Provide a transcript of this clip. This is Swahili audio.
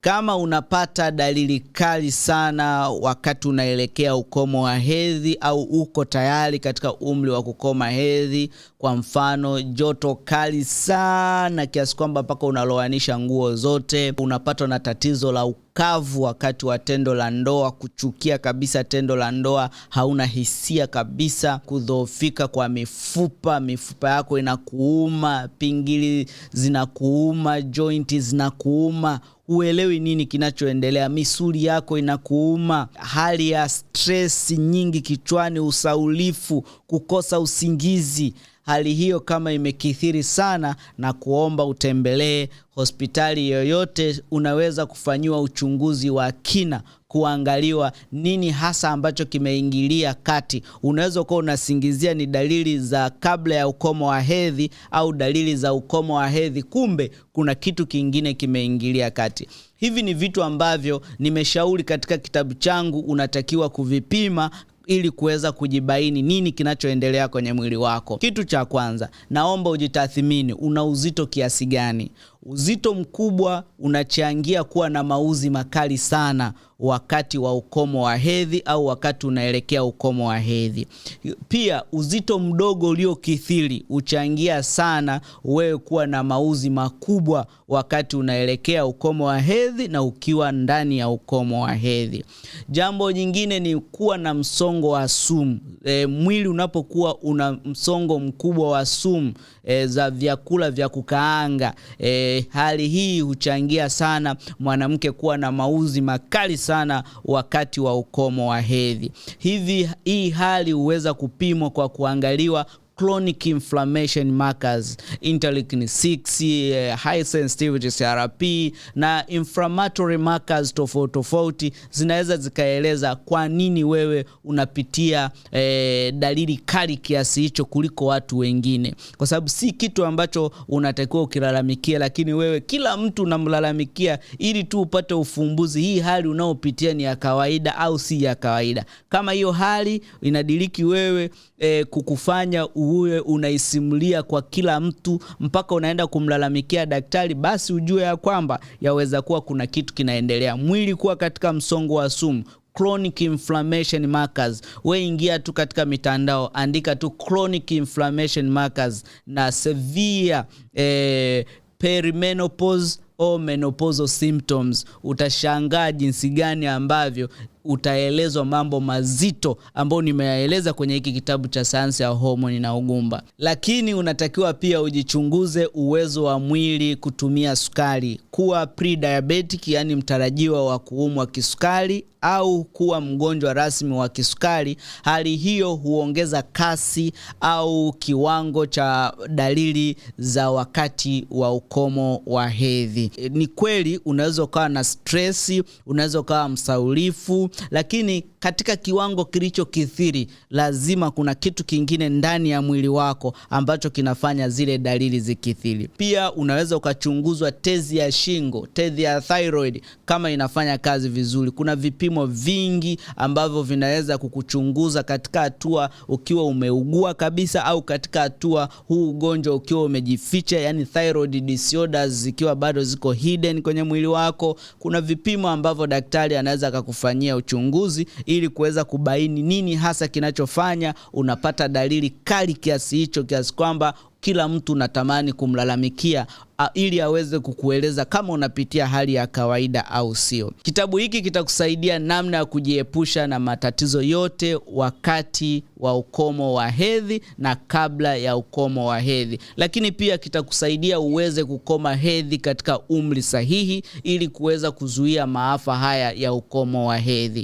Kama unapata dalili kali sana wakati unaelekea ukomo wa hedhi au uko tayari katika umri wa kukoma hedhi, kwa mfano joto kali sana kiasi kwamba mpaka unaloanisha nguo zote, unapatwa na tatizo la ukavu wakati wa tendo la ndoa, kuchukia kabisa tendo la ndoa, hauna hisia kabisa, kudhoofika kwa mifupa, mifupa yako inakuuma, pingili zinakuuma, jointi zinakuuma huelewi nini kinachoendelea, misuli yako inakuuma, hali ya stresi nyingi kichwani, usaulifu, kukosa usingizi. Hali hiyo kama imekithiri sana, na kuomba utembelee hospitali yoyote, unaweza kufanyiwa uchunguzi wa kina kuangaliwa nini hasa ambacho kimeingilia kati. Unaweza ukawa unasingizia ni dalili za kabla ya ukomo wa hedhi au dalili za ukomo wa hedhi, kumbe kuna kitu kingine kimeingilia kati. Hivi ni vitu ambavyo nimeshauri katika kitabu changu, unatakiwa kuvipima ili kuweza kujibaini nini kinachoendelea kwenye mwili wako. Kitu cha kwanza, naomba ujitathmini, una uzito kiasi gani? Uzito mkubwa unachangia kuwa na mauzi makali sana wakati wa ukomo wa hedhi au wakati unaelekea ukomo wa hedhi. Pia uzito mdogo uliokithiri uchangia sana wewe kuwa na mauzi makubwa wakati unaelekea ukomo wa hedhi na ukiwa ndani ya ukomo wa hedhi. Jambo jingine ni kuwa na msongo wa sumu. E, mwili unapokuwa una msongo mkubwa wa sumu e, za vyakula vya kukaanga e, hali hii huchangia sana mwanamke kuwa na mauzi makali sana wakati wa ukomo wa hedhi. Hivi hii hali huweza kupimwa kwa kuangaliwa chronic inflammation markers interleukin 6, eh, high sensitivity CRP na inflammatory markers tofauti tofauti zinaweza zikaeleza kwa nini wewe unapitia eh, dalili kali kiasi hicho kuliko watu wengine, kwa sababu si kitu ambacho unatakiwa ukilalamikia, lakini wewe kila mtu unamlalamikia ili tu upate ufumbuzi, hii hali unaopitia ni ya kawaida au si ya kawaida. Kama hiyo hali inadiriki wewe eh, kukufanya u uwe unaisimulia kwa kila mtu mpaka unaenda kumlalamikia daktari, basi ujue ya kwamba yaweza kuwa kuna kitu kinaendelea. Mwili kuwa katika msongo wa sumu chronic inflammation markers. We ingia tu katika mitandao, andika tu chronic inflammation markers na severe eh, perimenopause au menopausal symptoms, utashangaa jinsi gani ambavyo utaelezwa mambo mazito ambayo nimeyaeleza kwenye hiki kitabu cha sayansi ya homoni na ugumba. Lakini unatakiwa pia ujichunguze uwezo wa mwili kutumia sukari, kuwa pre yaani mtarajiwa wa kuumwa kisukari au kuwa mgonjwa rasmi wa kisukari. Hali hiyo huongeza kasi au kiwango cha dalili za wakati wa ukomo wa hedhi. Ni kweli unaweza ukawa na stresi, unaweza ukawa msaulifu, lakini katika kiwango kilichokithiri, lazima kuna kitu kingine ndani ya mwili wako ambacho kinafanya zile dalili zikithiri. Pia unaweza ukachunguzwa tezi ya shingo, tezi ya thyroid kama inafanya kazi vizuri. Kuna vipimo vingi ambavyo vinaweza kukuchunguza katika hatua ukiwa umeugua kabisa, au katika hatua huu ugonjwa ukiwa umejificha, yani thyroid disorders zikiwa bado ziko hidden kwenye mwili wako. Kuna vipimo ambavyo daktari anaweza akakufanyia uchunguzi ili kuweza kubaini nini hasa kinachofanya unapata dalili kali kiasi hicho, kiasi kwamba kila mtu natamani kumlalamikia a, ili aweze kukueleza kama unapitia hali ya kawaida au sio. Kitabu hiki kitakusaidia namna ya kujiepusha na matatizo yote wakati wa ukomo wa hedhi na kabla ya ukomo wa hedhi, lakini pia kitakusaidia uweze kukoma hedhi katika umri sahihi ili kuweza kuzuia maafa haya ya ukomo wa hedhi.